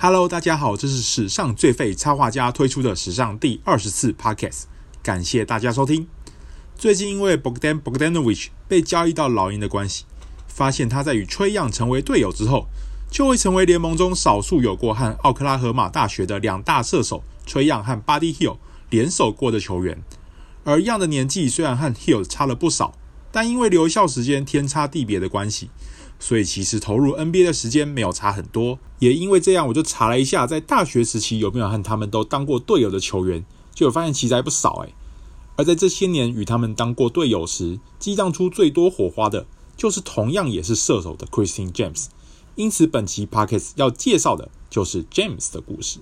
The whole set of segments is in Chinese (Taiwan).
Hello，大家好，這是史上最廢插畫家推出的史上第二十次 Podcast，感謝大家收聽。最近因為 Bogdan Bogdanovich 被交易到老鷹的關係，發現他在與崔楊成為隊友之後，就會成為聯盟中少數有過和奧克拉荷馬大學的兩大射手崔楊和 Buddy Hield 聯手過的球員。而楊的年紀雖然和 Hield 差了不少，但因為留校時間天差地別的關係。所以其實投入 NBA 的時間沒有差很多，也因為這樣，我就查了一下，在大學時期有沒有和他們都當過隊友的球員，就有發現其實還不少誒、欸。而在這些年與他們當過隊友時，激盪出最多火花的，就是同樣也是射手的 Christian James。因此，本期 Podcast 要介紹的就是 James 的故事。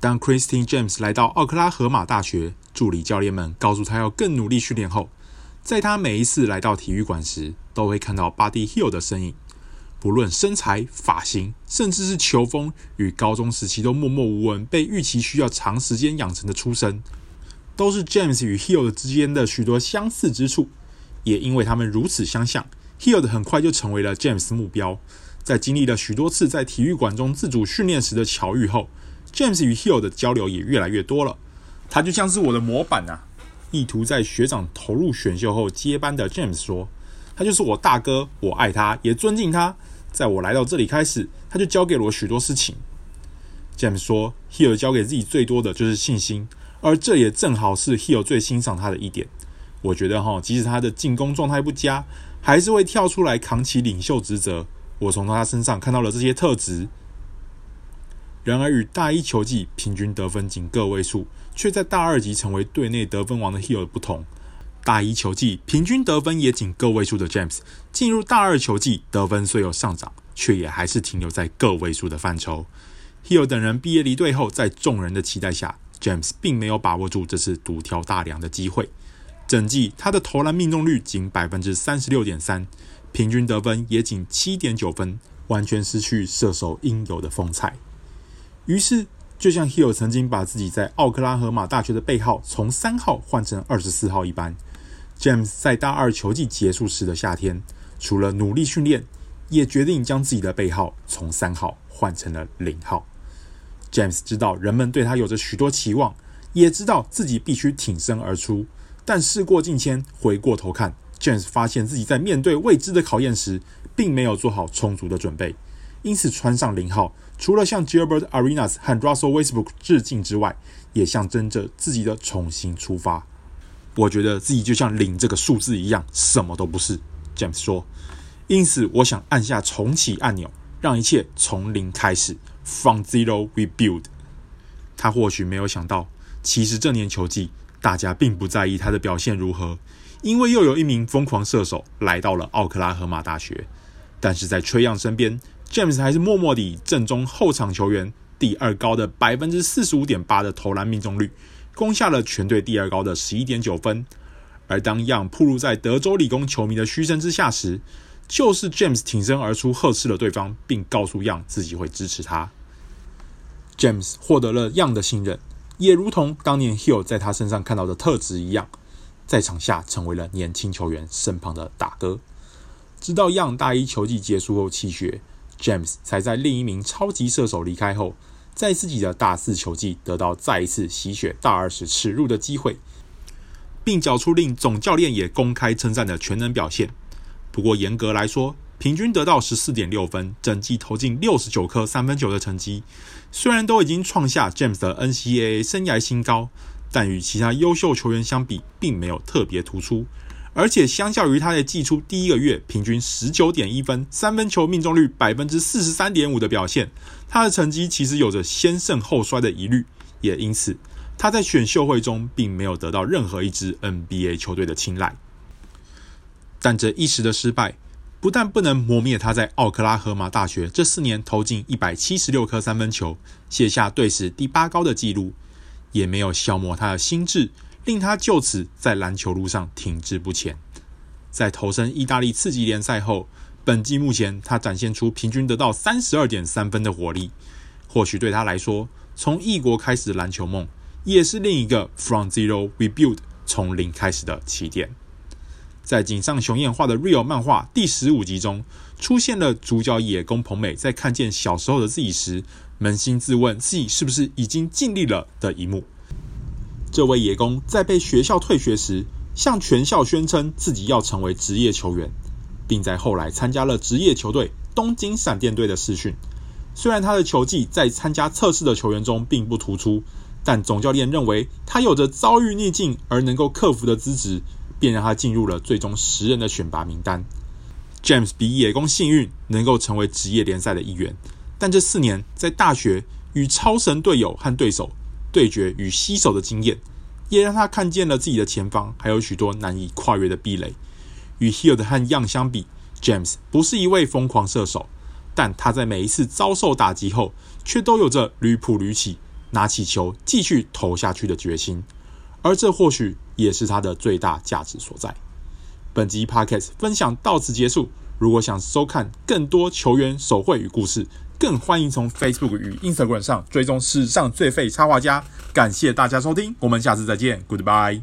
當 Christian James 來到奧克拉荷馬大學，助理教練們告訴他要更努力訓練後。在他每一次來到體育館時，都會看到 Buddy Hield 的身影。不論身材、髮型，甚至是球風與高中時期都默默無聞、被預期需要長時間養成的出身，都是 James 與 Hield 之間的許多相似之處。也因為他們如此相像，Hield 很快就成為了 James 目標。在經歷了許多次在體育館中自主訓練時的巧遇後，James 與 Hield 的交流也越來越多了。他就像是我的模板吶、啊。意圖在學長投入選秀後接班的 James 說：“他就是我大哥，我愛他，也尊敬他。在我來到這裡開始，他就教給了我許多事情。” James 說：“Hield 教給自己最多的就是信心，而這也正好是 Hield 最欣賞他的一點。我覺得哈，即使他的進攻狀態不佳，還是會跳出來扛起領袖職責。我從他身上看到了這些特質。”然而，與大一球季平均得分僅個位數，卻在大二級成為隊內得分王的 Hield 不同，大一球季平均得分也僅個位數的 James，進入大二球季得分雖有上漲，卻也還是停留在個位數的範疇。Hield 等人畢業離隊後，在眾人的期待下，James 並沒有把握住這次獨挑大樑的機會。整季他的投籃命中率僅百分之三十六點三，平均得分也僅七點九分，完全失去射手應有的風采。於是，就像 Hield 曾經把自己在奧克拉荷馬大學的背號從三號換成二十四號一般，James 在大二球季結束時的夏天，除了努力訓練，也決定將自己的背號從三號換成了零號。James 知道人們對他有着許多期望，也知道自己必須挺身而出。但事過境遷，回過頭看，James 發現自己在面對未知的考驗時，並沒有做好充足的準備。因此，穿上零號，除了向 Gilbert Arenas 和 Russell Westbrook 致敬之外，也象徵着自己的重新出發。我覺得自己就像零這個數字一樣，什麼都不是。”James 說。因此，我想按下重啟按鈕，讓一切從零開始。From zero, rebuild。他或許沒有想到，其實這年球季，大家並不在意他的表現如何，因為又有一名瘋狂射手來到了奧克拉荷馬大學。但是在崔楊身邊，James 還是默默地正中後場球員第二高的百分之四十五點八的投籃命中率，攻下了全隊第二高的十一點九分。而當 Young 暴露在德州理工球迷的噓聲之下時，就是 James 挺身而出呵斥，了對方，並告訴 Young 自己會支持他。James 獲得了 Young 的信任，也如同當年 Hield 在他身上看到的特質一樣，在場下成為了年輕球員身旁的大哥。直到 Young 大一球季結束後棄學。James 才在另一名超級射手離開後，在自己的大四球季得到再一次洗雪大二時恥辱的機會，並繳出令總教練也公開稱讚的全能表現。不過，嚴格來說，平均得到十四點六分，整季投進六十九顆三分球的成績，雖然都已經創下 James 的 NCAA 生涯新高，但與其他優秀球員相比，並沒有特別突出。而且相較於他在季初第一個月平均十九點一分、三分球命中率百分之四十三點五的表現，他的成績其實有着先盛後衰的疑慮，也因此他在選秀會中並沒有得到任何一支 NBA 球隊的青睞。但這一時的失敗不但不能磨滅他在奧克拉荷馬大學這四年投進一百七十六顆三分球、寫下隊史第八高的紀錄，也沒有消磨他的心智。令他就此在籃球路上停滯不前。在投身意大利次級聯賽後，本季目前他展現出平均得到三十二點三分的火力。或許對他來說，從異國開始的籃球夢，也是另一個 “from zero rebuild” 從零開始的起點。在井上雄彥畫的《Real》漫畫第十五集中，出現了主角野宮朋美在看見小時候的自己時，捫心自問自己是不是已經盡力了的一幕。這位野工在被學校退學時，向全校宣稱自己要成為職業球員，並在後來參加了職業球隊東京閃電隊的試訓。雖然他的球技在參加測試的球員中並不突出，但總教練認為他有着遭遇逆境而能夠克服的資質，便讓他進入了最終十人的選拔名單。James 比野工幸運，能夠成為職業聯賽的一員，但這四年在大學與超神隊友和對手。對決與攜手的經驗，也讓他看見了自己的前方還有許多難以跨越的壁壘。與 Hield 和 Young 相比，James 不是一位瘋狂射手，但他在每一次遭受打擊後，卻都有着屢仆屢起、拿起球繼續投下去的決心。而這或許也是他的最大價值所在。本集 Podcast 分享到此結束。如果想收看更多球員手繪與故事，更歡迎從 Facebook 與 Instagram 上追蹤史上最廢插畫家。感謝大家收聽，我們下次再見，Goodbye。